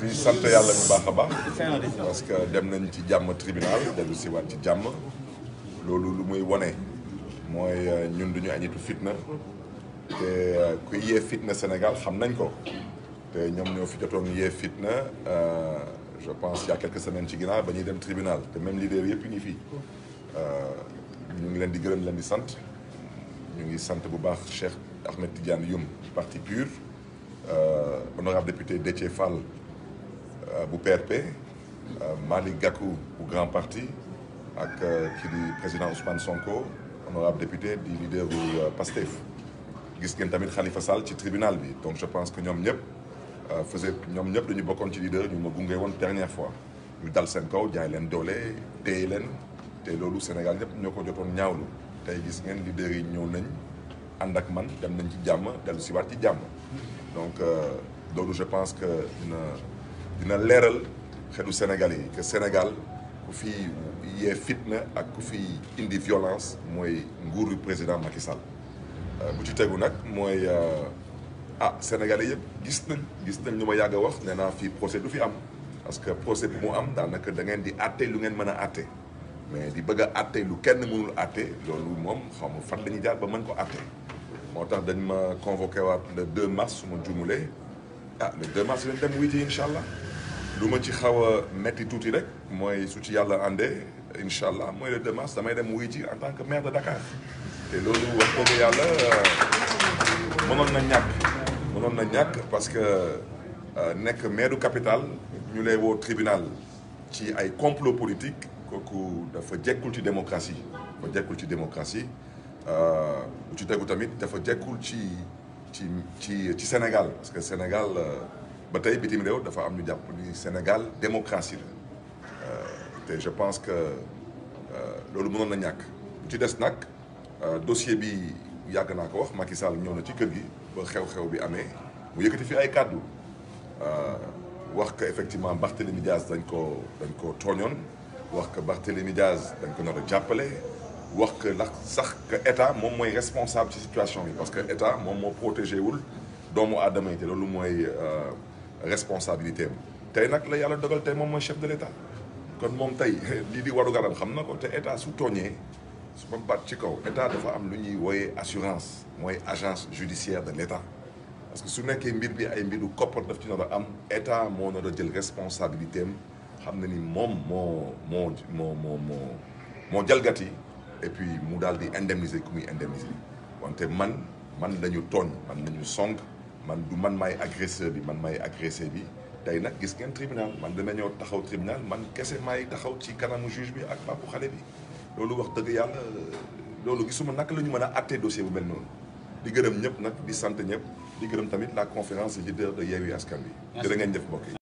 di sant yàlla bu baax a baax parce que dem nañ ci jàmm tribunal dellu si waat ci jàmm loolu lu muy wone mooy euh, ñun duñu añitu fitna te euh, ku yee fitna Sénégal xam nañ ko te ñoom ñoo fi jotoon yee fitna euh, je pense il y a ci ginnaaw ba ñuy dem tribunal te même leader yëpp ñu ngi fii ñu ngi leen di gërëm leen di sant ñu ngi sant bu baax Cheikh Ahmed Tidiane Youm parti PUR Euh, honorable député Déthié Fall euh, bu PRP euh, Malick Gakou bu Grand Parti ak kii di président Ousmane Sonko honorable député di leader bu Pastef gis ngeen tamit Khalifa Sall ci tribunal bi donc je pense que ñoom ñëpp faisait ñoom ñëpp dañu bokkoon ci leader ñu ma gunge woon dernière fois ñu dal seen kaw jaay leen doole téye leen te loolu Sénégal ñëpp ñoo ko jotoon ñaawlu tey gis ngeen leader yi ñëw nañ ànd ak man dem nañ ci jàmm dellu si waat ci jàmm donc euh, loolu je pense que dina dina leeral xelu Sénégal yi que Sénégal ku fi yee fitna ak ku fi indi violence mooy nguur nguuru président Macky Sall euh, bu ci tegu nag mooy euh, ah Sénégalais yëpp gis nañ gis nañ lu ma yàgg a wax nee naa fii procès du fi am parce que procès bu mu am daanaka da ngeen di àtte lu ngeen mën a àtte mais li bëgg a àtte lu kenn mënul àtte loolu moom xaw ma fan la ñuy jaar ba mën ko àtte moo tax dañ ma convoqué waat le 2 mars su ma jumulee ah le 2 mars lañ dem wuti incha allah lu ma ci xaw a métti tuuti rek mooy su ci yàlla àndee incha allah mooy le 2 mars damay dem wuy ci en tant que maire de Dakar te loolu wax dëgg yàlla euh, mënoon na ñàkk mënoon na ñàkk parce que euh, nekk maire du capital ñu lay woo tribunal ci ay complot politique kooku dafa jekkul ci démocratie dafa jekkul ci démocratie euh, bu ci tegu tamit dafa jekkul ci ci ci ci Sénégal parce que Sénégal euh, ba tey bitim réew dafa am ñu jàpp ni Sénégal démocratie la euh, te je pense que loolu mënoon na ñàkk bu ci des nag dossier bi yàgg naa ko wax Macky Sall ñëw na ci kër gi ba xew-xew bi amee mu yëkkati fi ay kàddu wax que effectivement Barthélémy Dias dañ ko dañ ko tooñoon wax que Barthélémy Diaz dañ ko nar a jàppale wax que ndax sax que état moom mooy responsable ci situation bi parce que état moom moo protégé wul doomu aadama yi te loolu mooy euh, responsabilité am tey nag la yàlla dogal tey moom mooy chef de l'état kon moom tey lii di waru garam xam na ko te état su tooñee su ma baat ci kaw état dafa am lu ñuy wooyee assurance mooy agence judiciaire de l'état parce que su nekkee mbir bi ay mbiru koppar daf ci nar a am état moo nar a jël responsabilité am xam na ni moom moo moo moo moo moo jalgati et puis mu daal di indemniser ku muy indemniser wante man man la ñu tooñ man la song man du man maay agresseur bi man maay agressé bi tey nag gis ngeen tribunal man dana ñëw taxaw tribunal man kese maay taxaw ci kanamu juge bi ak papu xale bi loolu wax dëgg yàlla loolu gisuma naka la ñu mën a àttee dossier bu mel noonu di gërëm ñëpp nag di sante ñëpp di gërëm tamit la conférence leader de Yewwi Askan Wi jërë ngeen def mbokk yi